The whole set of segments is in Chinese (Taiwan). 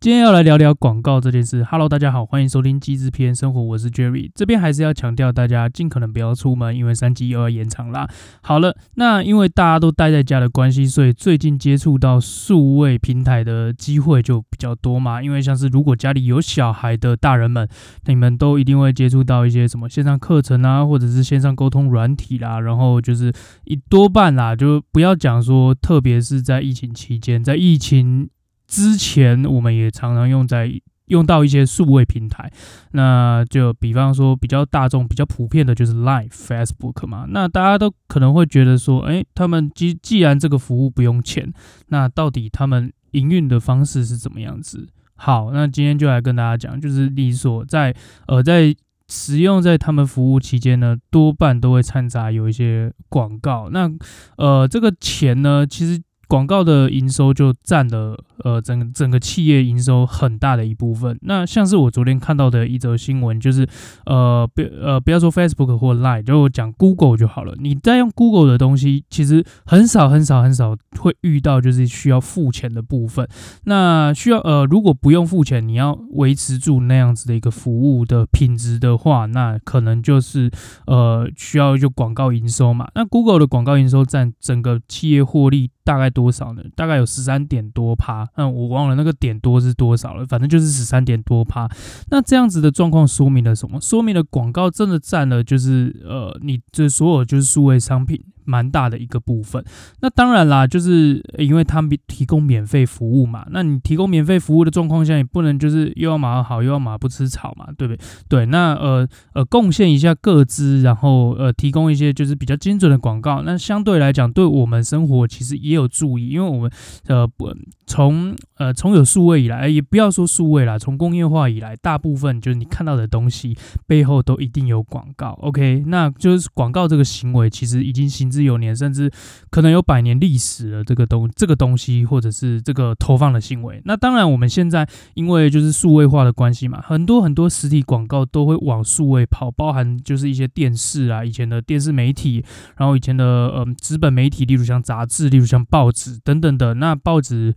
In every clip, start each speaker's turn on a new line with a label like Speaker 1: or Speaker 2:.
Speaker 1: 今天要來聊聊廣告這件事。Hello，大家好，歡迎收聽《機制篇生活》，我是 Jerry。這邊還是要強調，大家盡可能不要出門，因為三級又要延長啦。好了，那因為大家都待在家的關係，所以最近接觸到數位平台的機會就比較多嘛。因為像是如果家裡有小孩的大人們，你們都一定會接觸到一些什麼線上課程啊，或者是線上溝通軟體啦。然後就是一多半啦，就不要講說，特別是在疫情期間，在疫情。之前我們也常常用在用到一些數位平台，那就比方說比較大眾、比較普遍的就是 LINE、Facebook 嘛，那大家都可能會覺得說，誒、欸，他們既既然這個服務不用錢，那到底他們營運的方式是怎麼樣子？好，那今天就來跟大家講，就是你所在呃在使用在他們服務期間呢，多半都會摻雜有一些廣告，那呃這個錢呢，其實。廣告的營收就佔了呃整個整個企業營收很大的一部分。那像是我昨天看到的一則新聞，就是呃不呃不要說 Facebook 或 Line，就講 Google 就好了。你在用 Google 的東西，其實很少很少很少會遇到就是需要付錢的部分。那需要呃如果不用付錢，你要維持住那樣子的一個服務的品質的話，那可能就是呃需要就廣告營收嘛。那 Google 的廣告營收佔整個企業獲利，大概多少呢？大概有十三點多趴，嗯，我忘了那個點多是多少了，反正就是十三點多趴。那這樣子的狀況說明了什麼？說明了廣告真的占了，就是呃，你這所有就是數位商品。蠻大的一個部分。那當然啦，就是因為他們提供免費服務嘛。那你提供免費服務的狀況下，也不能就是又要馬好又要馬不吃草嘛，對不對？對，那呃呃貢獻一下個資，然後呃提供一些就是比較精準的廣告。那相對來講，對我們生活其實也有注意，因為我們呃不從呃從有數位以來，也不要說數位啦，從工業化以來，大部分就是你看到的東西背後都一定有廣告。OK，那就是廣告這個行為其實已經形。有年甚至可能有百年歷史的這個東這個東西，或者是這個投放的行為。那當然，我們現在因為就是數位化的關係嘛，很多很多實體廣告都會往數位跑，包含就是一些電視啊，以前的電視媒體，然後以前的呃紙本媒體，例如像雜誌，例如像報紙等等的。那報紙，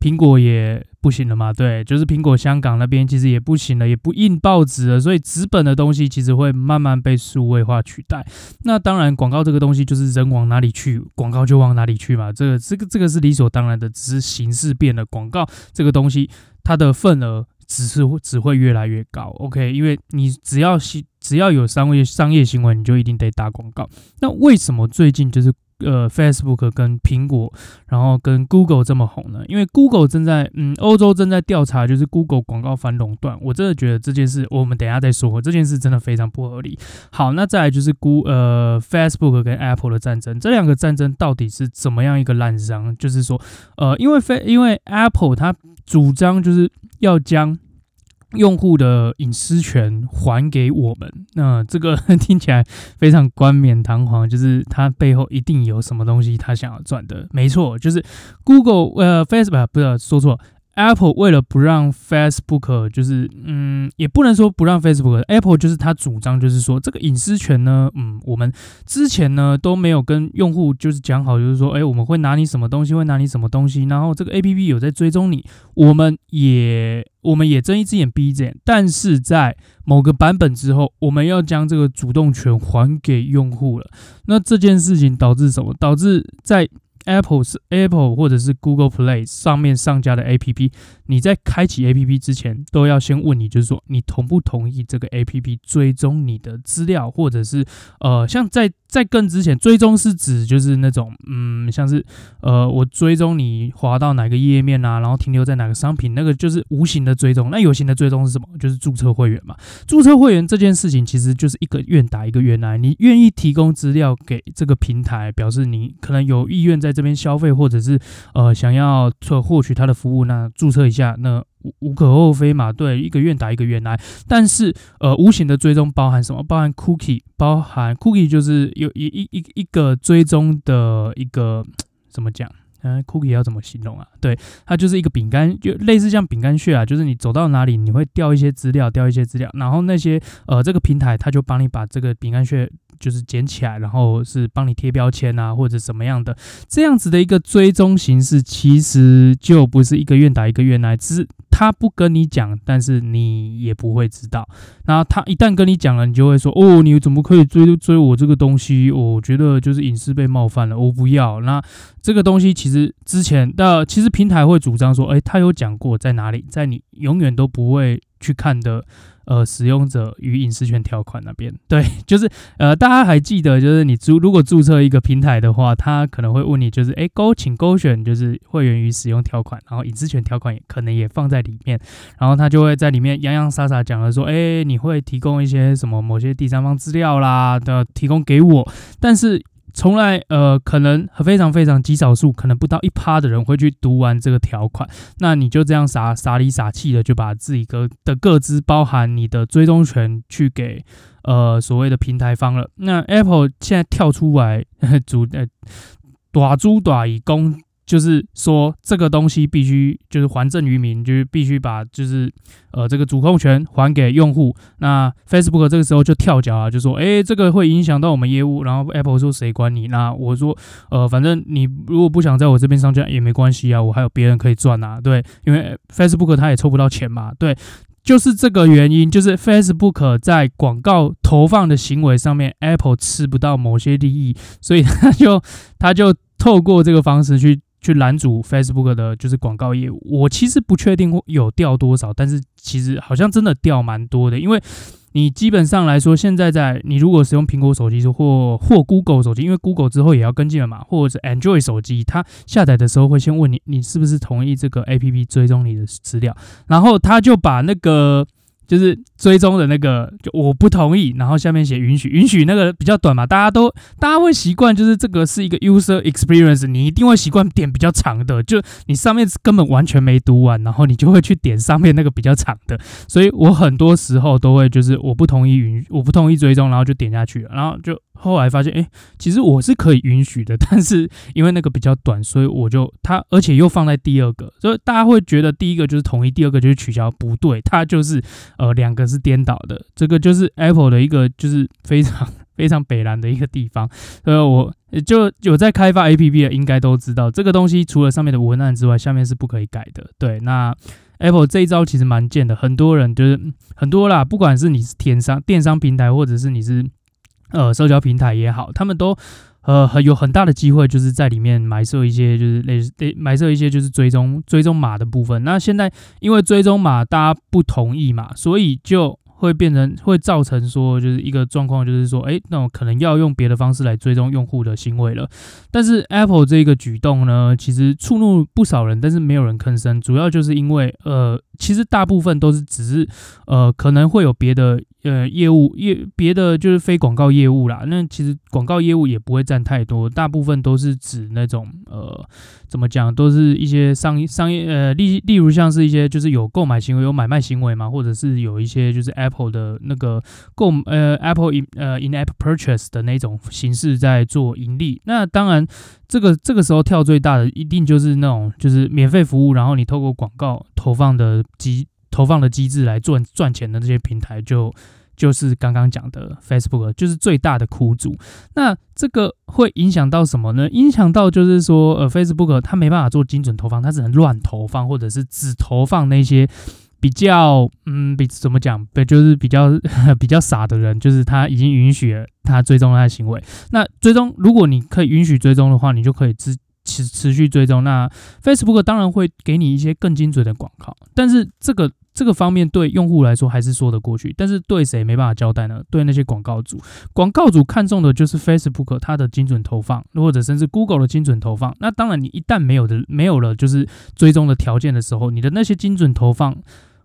Speaker 1: 蘋果也，不行了嘛？對，就是蘋果香港那邊其實也不行了，也不印報紙了，所以紙本的東西其實會慢慢被數位化取代。那當然，廣告這個東西就是人往哪裡去，廣告就往哪裡去嘛。這個、這個、這個是理所當然的，只是形式變了。廣告這個東西，它的份額只是只會越來越高。OK，因為你只要是只要有商業商業行為，你就一定得打廣告。那為什麼最近就是？呃，Facebook 跟蘋果，然後跟 Google 這麼紅呢？因為 Google 正在嗯，歐洲正在調查，就是 Google 廣告反壟斷。我真的覺得這件事，我們等一下再說。這件事真的非常不合理。好，那再來就是 Google 呃，Facebook 跟 Apple 的戰爭，這兩個戰爭到底是怎麼樣一個爛仗？就是說，呃，因為 Face 因為 Apple 它主張就是要將。用戶的隱私權還給我們，那這個聽起來非常冠冕堂皇，就是他背後一定有什麼東西，他想要賺的。沒錯，就是 Google，呃，Facebook，不知道說錯。Apple 為了不讓 Facebook，就是嗯，也不能說不讓 Facebook，Apple 就是他主張，就是說這個隱私權呢，嗯，我們之前呢都沒有跟用戶就是講好，就是說，誒，我們會拿你什麼東西，會拿你什麼東西，然後這個 APP 有在追蹤你，我們也我們也睜一只眼閉一只眼，但是在某個版本之後，我們要將這個主動權還給用戶了。那這件事情導致什麼？導致在 Apple 是 Apple 或者是 Google Play 上面上架的 APP，你在開啟 APP 之前都要先問你，就是說你同不同意這個 APP 追蹤你的資料，或者是呃像在在更之前追蹤是指就是那種嗯像是呃我追蹤你滑到哪個頁面啊，然後停留在哪個商品，那個就是無形的追蹤。那有形的追蹤是什麼？就是註冊會員嘛。註冊會員這件事情其實就是一個願打一個願挨，你願意提供資料給這個平台，表示你可能有意願在。在這邊消費或者是呃想要測獲取它的服務，那注冊一下，那無無可厚非嘛。對，一個願打一個願挨。但是呃，無形的追蹤包含什麼？包含 cookie，包含 cookie 就是有一一一個追蹤的一個怎麼講？嗯、呃，cookie 要怎麼形容啊？對，它就是一個餅乾，就類似像餅乾屑啊。就是你走到哪裡，你會掉一些資料，掉一些資料，然後那些呃這個平台它就幫你把這個餅乾屑，就是撿起來，然後是幫你貼標籤啊，或者什麼樣的這樣子的一個追蹤形式，其實就不是一個願打一個願挨，只是他不跟你講，但是你也不會知道。然後他一旦跟你講了，你就會說哦，你怎麼可以追追我這個東西？我覺得就是隱私被冒犯了，我不要。那這個東西其實之前的，其實平台會主張說，哎，他有講過在哪裡，在你永遠都不會。去看的，呃，使用者與隱私權條款那邊，對，就是，呃，大家還記得，就是你注如果注冊一個平台的話，他可能會問你，就是，誒、欸、勾請勾選，就是會員與使用條款，然後隱私權條款也可能也放在裡面，然後他就會在裡面洋洋灑灑講了說，誒、欸、你會提供一些什麼某些第三方資料啦的提供給我，但是。從來，呃，可能非常非常極少數，可能不到一趴的人會去讀完這個條款。那你就這樣傻傻裡傻氣的，就把自己的個的個資包含你的追蹤權去給，呃，所謂的平台方了。那 Apple 現在跳出來，呵呵主呃，主打以公就是說，這個東西必須就是還政於民，就是必須把就是呃這個主控權還給用戶。那 Facebook 這個時候就跳腳啊，就說，誒這個會影響到我們業務。然後 Apple 說，誰管你？那我說，呃，反正你如果不想在我這邊上架也沒關係啊，我還有別人可以賺啊。對，因為 Facebook 他也抽不到錢嘛。對，就是這個原因，就是 Facebook 在廣告投放的行為上面，Apple 吃不到某些利益，所以他就他就透過這個方式去。去攔阻 Facebook 的就是廣告業務，我其實不確定會有掉多少，但是其實好像真的掉蠻多的，因為你基本上來說，現在在你如果使用蘋果手機或或 Google 手機，因為 Google 之後也要跟進了嘛，或者是 Android 手機，它下載的時候會先問你，你是不是同意這個 APP 追蹤你的資料，然後他就把那個。就是追蹤的那個，就我不同意，然後下面寫允許，允許那個比較短嘛，大家都大家會習慣，就是這個是一個 user experience，你一定會習慣點比較長的，就你上面根本完全沒讀完，然後你就會去點上面那個比較長的，所以我很多時候都會就是我不同意允，我不同意追蹤，然後就點下去，然後就。後來發現，哎、欸，其實我是可以允許的，但是因為那個比較短，所以我就它，而且又放在第二個，所以大家會覺得第一個就是統一，第二個就是取消，不對，它就是呃兩個是顛倒的。這個就是 Apple 的一個就是非常非常北藍的一個地方。所以我就有在開發 App 的，應該都知道這個東西，除了上面的文案之外，下面是不可以改的。對，那 Apple 這一招其實蠻賤的，很多人就是很多啦，不管是你是天商電商平台，或者是你是。呃，社交平台也好，他們都呃很有很大的機會，就是在裡面埋設一些，就是類似埋設一些就是追蹤追蹤碼的部分。那現在因為追蹤碼大家不同意嘛，所以就會變成會造成說就是一個狀況，就是說，哎、欸，那我可能要用別的方式來追蹤用戶的行為了。但是 Apple 這個舉動呢，其實觸怒不少人，但是沒有人吭聲，主要就是因為呃，其實大部分都是只是呃可能會有別的。呃，業務業別的就是非廣告業務啦。那其實廣告業務也不會佔太多，大部分都是指那種呃，怎麼講，都是一些商業商業呃例例如像是一些就是有購買行為、有買賣行為嘛，或者是有一些就是 Apple 的那個購呃 Apple in, 呃 In App Purchase 的那種形式在做盈利。那當然，這個這個時候跳最大的一定就是那種就是免費服務，然後你透過廣告投放的機。投放的機制來賺賺錢的這些平台就，就就是剛剛講的 Facebook，就是最大的苦主。那這個會影響到什麼呢？影響到就是說，呃，Facebook 它沒辦法做精準投放，它只能亂投放，或者是只投放那些比較，嗯，比怎麼講，就是比較呵呵比較傻的人，就是他已經允許了他追蹤他的行為。那追蹤，如果你可以允許追蹤的話，你就可以持持續追蹤，那 Facebook 當然會給你一些更精準的廣告，但是這個這個方面對用戶來說還是說得過去，但是對誰沒辦法交代呢？對那些廣告主，廣告主看中的就是 Facebook 它的精準投放，或者甚至 Google 的精準投放。那當然，你一旦沒有的沒有了，就是追蹤的條件的時候，你的那些精準投放。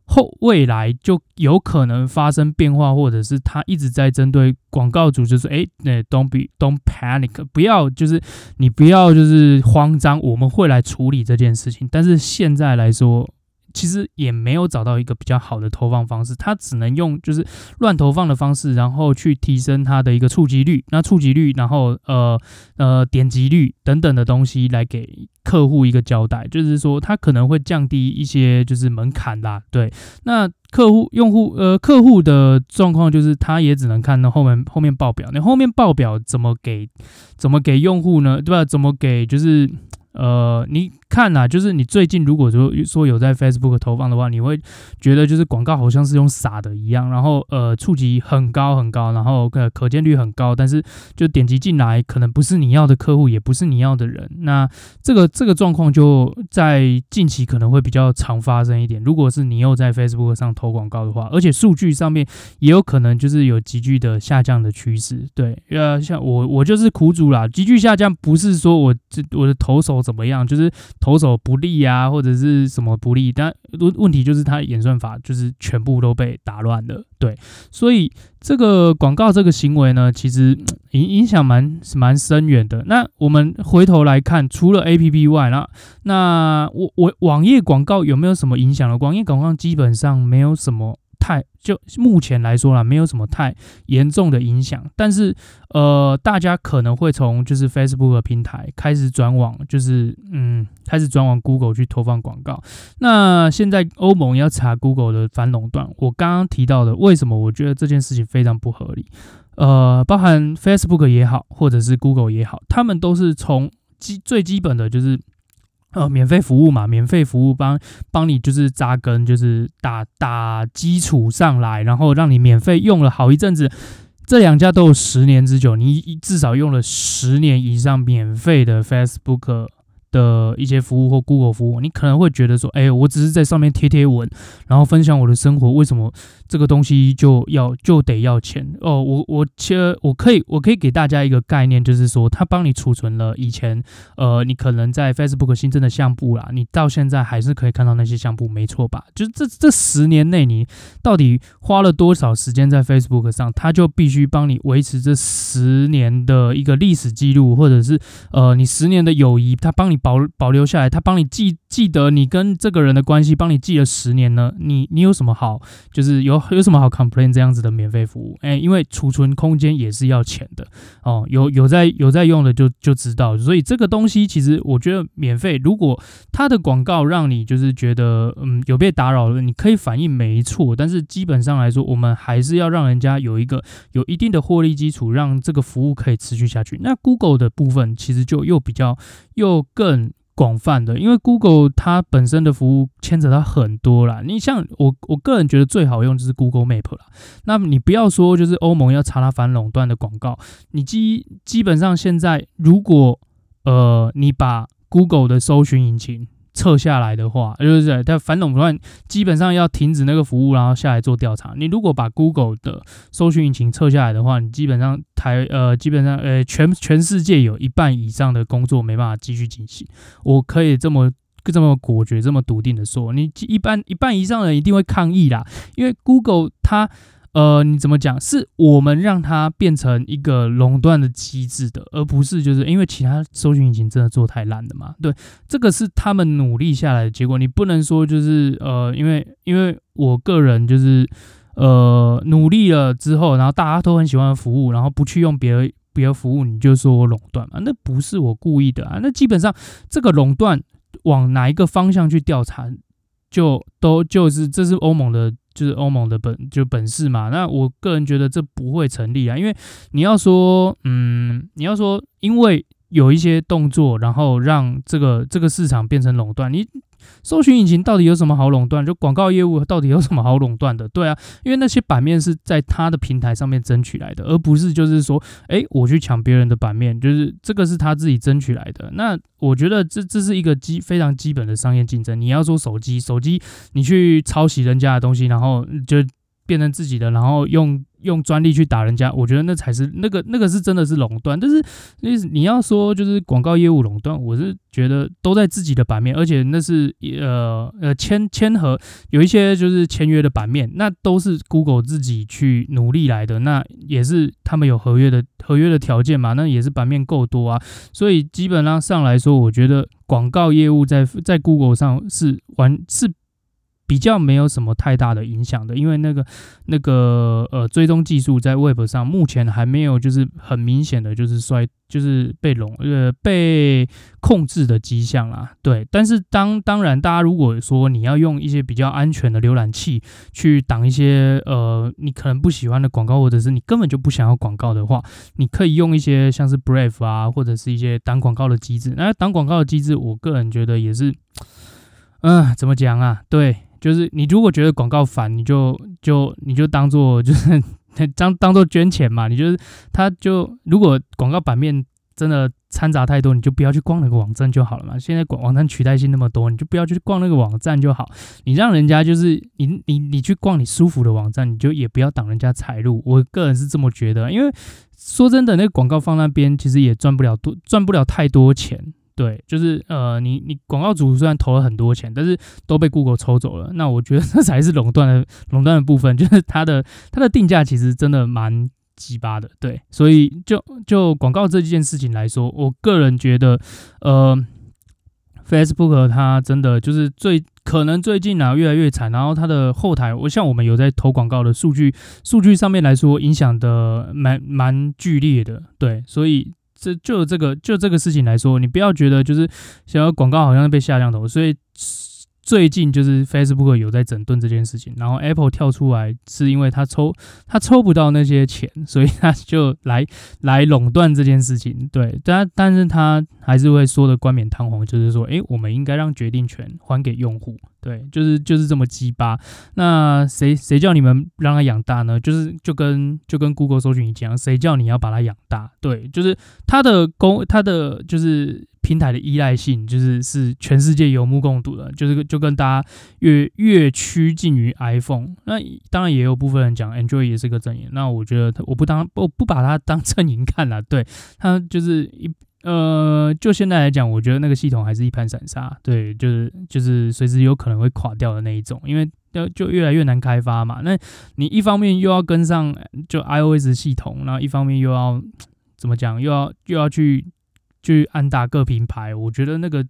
Speaker 1: 後未來就有可能發生變化，或者是他一直在針對廣告主就是，欸欸 don't be, don't panic，就是誒那 don't be，don't panic，不要就是你不要就是慌張，我們會來處理這件事情。但是現在來說。其實也沒有找到一個比較好的投放方式，他只能用就是亂投放的方式，然後去提升他的一個觸及率，那觸及率，然後呃呃點擊率等等的東西來給客戶一個交代，就是說他可能會降低一些就是門檻啦。對。那客戶用戶呃客戶的狀況就是他也只能看到後面後面報表，那後面報表怎麼給怎麼給用戶呢？對吧。怎麼給就是呃你。看啦、啊，就是你最近如果說說有在 Facebook 投放的話，你會覺得就是廣告好像是用撒的一樣，然後呃觸及很高很高，然後可見率很高，但是就點擊進來可能不是你要的客戶，也不是你要的人。那這個這個狀況就在近期可能會比較常發生一點。如果是你又在 Facebook 上投廣告的話，而且數據上面也有可能就是有急劇的下降的趨勢。對，呃，像我我就是苦主啦，急劇下降不是說我這我的投手怎麼樣，就是。投手不利啊，或者是什麼不利，但問問題就是他的演算法就是全部都被打亂了，對，所以這個廣告這個行為呢，其實影影響蠻蠻深遠的。那我們回頭來看，除了 APP 外，啊，啦，那我我網頁廣告有沒有什麼影響呢？網頁廣告基本上沒有什麼。太就目前來說啦，沒有什麼太嚴重的影響。但是，呃，大家可能會從就是 Facebook 平台開始轉往，就是嗯，開始轉往 Google 去投放廣告。那現在歐盟要查 Google 的反壟斷，我剛剛提到的，為什麼我覺得這件事情非常不合理？呃，包含 Facebook 也好，或者是 Google 也好，他們都是從基最基本的就是。呃，免費服務嘛，免費服務幫幫你就是扎根，就是打打基礎上來，然後讓你免費用了好一陣子。這兩家都有十年之久，你至少用了十年以上免費的 Facebook。的一些服務或 Google 服務，你可能會覺得說，哎、欸，我只是在上面貼貼文，然後分享我的生活，為什麼這個東西就要就得要錢？哦，我我其實我可以我可以給大家一個概念，就是說他幫你儲存了以前，呃，你可能在 Facebook 新增的相簿啦，你到現在還是可以看到那些相簿，沒錯吧？就是這這十年內你到底花了多少時間在 Facebook 上，他就必須幫你維持這十年的一個歷史記錄，或者是呃你十年的友誼，他幫你。保保留下來，他幫你記。記得你跟這個人的關係，幫你記了十年呢。你你有什麼好，就是有有什麼好 complain 這樣子的免費服務？誒、欸。因為儲存空間也是要錢的哦。有有在有在用的就就知道。所以這個東西其實我覺得免費，如果它的廣告，讓你就是覺得嗯有被打擾了，你可以反映沒錯。但是基本上來說，我們還是要讓人家有一個有一定的獲利基礎，讓這個服務可以持續下去。那 Google 的部分其實就又比較又更。廣泛的，因為 Google 它本身的服務牽扯到很多啦。你像我，我個人覺得最好用就是 Google Map 啦。那你不要說，就是歐盟要查它反壟斷的廣告，你基基本上現在如果呃你把 Google 的搜尋引擎。撤下來的話，就是它反壟斷基本上要停止那個服務，然後下來做調查。你如果把 Google 的搜尋引擎撤下來的話，你基本上台呃，基本上呃、欸，全全世界有一半以上的工作沒辦法繼續進行。我可以這麼這麼果決、這麼篤定的說，你一般一半以上的人一定會抗議啦，因為 Google 它。呃，你怎麼講？是我們讓它變成一個壟斷的機制的，而不是就是因為其他搜尋引擎真的做太爛了嘛？對，這個是他們努力下來的結果。你不能說就是呃，因為因為我個人就是呃努力了之後，然後大家都很喜歡的服務，然後不去用別的別的服務，你就說我壟斷嘛？那不是我故意的啊。那基本上這個壟斷往哪一個方向去調查，就都就是這是歐盟的。就是歐盟的本就本事嘛，那我個人覺得這不會成立啊，因為你要說，嗯，你要說，因為有一些動作，然後讓這個這個市場變成壟斷，你。搜尋引擎到底有什麼好壟斷？就廣告業務到底有什麼好壟斷的？對啊，因為那些版面是在他的平台上面爭取來的，而不是就是說，誒、欸、我去搶別人的版面，就是這個是他自己爭取來的。那我覺得這這是一個基非常基本的商業競爭。你要說手機，手機你去抄襲人家的東西，然後就。變成自己的，然後用用專利去打人家，我覺得那才是那個那個是真的是壟斷。但是你你要說就是廣告業務壟斷，我是覺得都在自己的版面，而且那是呃呃簽簽合，有一些就是簽約的版面，那都是 Google 自己去努力來的，那也是他們有合約的合約的條件嘛，那也是版面夠多啊。所以基本上上來說，我覺得廣告業務在在 Google 上是完是。比較沒有什麼太大的影響的，因為那個那個呃追蹤技術在 Web 上目前還沒有就是很明顯的就是衰就是被壟呃被控制的跡象啦。對，但是當當然，大家如果說你要用一些比較安全的瀏覽器去擋一些呃你可能不喜歡的廣告，或者是你根本就不想要廣告的話，你可以用一些像是 Brave 啊，或者是一些擋廣告的機制。那擋廣告的機制，我個人覺得也是，嗯，怎麼講啊？對。就是你如果覺得廣告煩，你就就你就當做就是當當做捐錢嘛，你就是他就如果廣告版面真的摻雜太多，你就不要去逛那個網站就好了嘛。現在廣網站取代性那麼多，你就不要去逛那個網站就好。你讓人家就是你你你去逛你舒服的網站，你就也不要擋人家財路。我個人是這麼覺得，因為說真的，那個廣告放那邊其實也賺不了多，賺不了太多錢。對，就是呃，你你廣告主雖然投了很多錢，但是都被 Google 抽走了。那我覺得這才是壟斷的壟斷的部分，就是它的它的定價其實真的蠻雞巴的。對，所以就就廣告這件事情來說，我個人覺得，呃，Facebook 它真的就是最可能最近啊越來越慘。然後它的後台，我像我們有在投廣告的數據數據上面來說影響的蠻蠻劇烈的。對，所以。這就這個就這個事情來說，你不要覺得就是想要廣告好像是被下降頭，所以。最近就是 Facebook 有在整頓這件事情，然後 Apple 跳出來是因為他抽他抽不到那些錢，所以他就來來壟斷這件事情。對，但但是他還是會說得冠冕堂皇，就是說，誒、欸，我們應該讓決定權還給用戶。對，就是就是這麼雞巴。那誰誰叫你們讓他養大呢？就是就跟就跟 Google 搜尋一樣，誰叫你要把它養大？對，就是他的公他的就是。平台的依賴性就是是全世界有目共睹的，就是就跟大家越越趨近於 iPhone。那當然也有部分人講 Android 也是個陣營，那我覺得我不當，我不把它當陣營看了，對，他就是一呃，就現在來講，我覺得那個系統還是一盤散沙，對，就是就是隨時有可能會垮掉的那一種，因為要就越來越難開發嘛。那你一方面又要跟上就 iOS 系統，然後一方面又要怎麼講，又要又要去。去安打各品牌，我覺得那個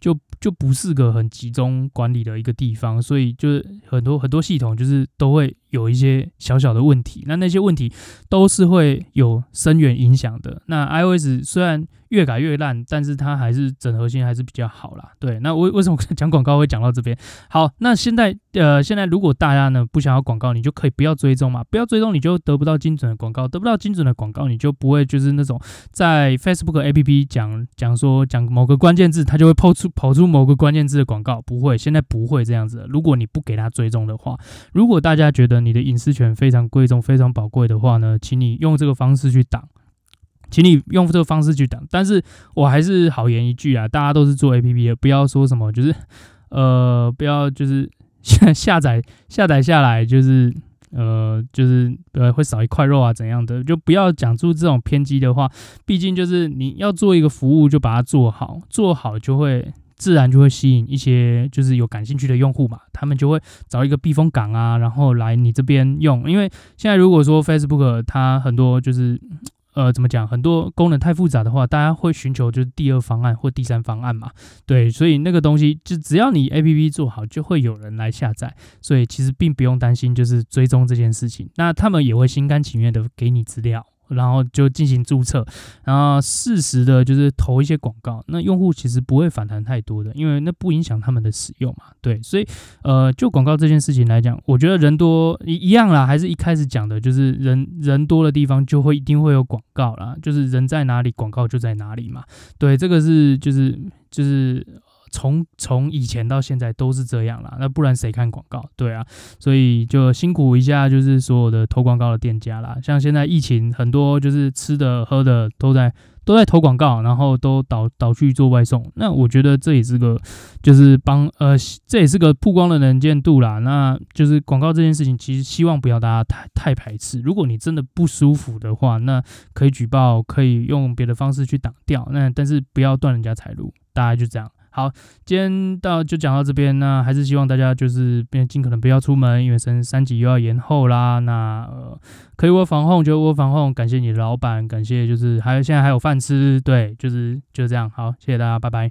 Speaker 1: 就就不是個很集中管理的一個地方，所以就是很多很多系統就是都會。有一些小小的問題，那那些問題都是會有深遠影響的。那 iOS 雖然越改越爛，但是它還是整合性還是比較好啦。對，那為為什麼講廣告會講到這邊？好，那現在呃，現在如果大家呢不想要廣告，你就可以不要追蹤嘛，不要追蹤你就得不到精準的廣告，得不到精準的廣告你就不會就是那種在 Facebook APP 講講說講某個關鍵字，它就會拋出跑出某個關鍵字的廣告，不會，現在不會這樣子。如果你不給他追蹤的話，如果大家覺得。你的隱私權非常貴重，非常寶貴的話呢，請你用這個方式去擋，請你用這個方式去擋。但是我還是好言一句啊，大家都是做 APP 的，不要說什麼就是呃，不要就是下下載下載下來就是呃就是呃會少一塊肉啊怎樣的，就不要講出這種偏激的話。畢竟就是你要做一個服務，就把它做好，做好就會。自然就會吸引一些就是有感興趣的用戶嘛，他們就會找一個避風港啊，然後來你這邊用。因為現在如果說 Facebook 它很多就是呃怎麼講，很多功能太複雜的話，大家會尋求就是第二方案或第三方案嘛。對，所以那個東西就只要你 APP 做好，就會有人來下載。所以其實並不用擔心就是追蹤這件事情，那他們也會心甘情願的給你資料。然後就進行註冊，然後適時的就是投一些廣告。那用戶其實不會反彈太多的，因為那不影響他們的使用嘛，對。所以，呃，就廣告這件事情來講，我覺得人多一一樣啦，還是一開始講的，就是人人多的地方就會一定會有廣告啦，就是人在哪裡，廣告就在哪裡嘛，對，這個是就是就是。從從以前到現在都是這樣啦，那不然誰看廣告？對啊，所以就辛苦一下，就是所有的投廣告的店家啦。像現在疫情，很多就是吃的喝的都在都在投廣告，然後都倒倒去做外送。那我覺得這也是個就是幫呃，這也是個曝光的能見度啦。那就是廣告這件事情，其實希望不要大家太太排斥。如果你真的不舒服的話，那可以舉報，可以用別的方式去擋掉。那但是不要斷人家財路，大家就這樣。好，今天到就講到這邊，那還是希望大家就是別盡可能不要出門，因為升三級又要延後啦。那、呃、可以窩防控就窩防控，感謝你的老板，感謝就是還有現在還有飯吃，對，就是就是這樣。好，謝謝大家，拜拜。